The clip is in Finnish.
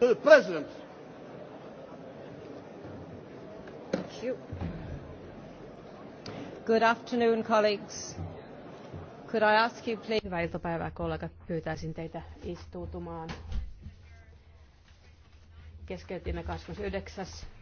to the President. Thank you. Good afternoon, colleagues. Could I ask you please... Hyvää iltapäivää, kollegat. Pyytäisin teitä istuutumaan. Keskeytimme 29.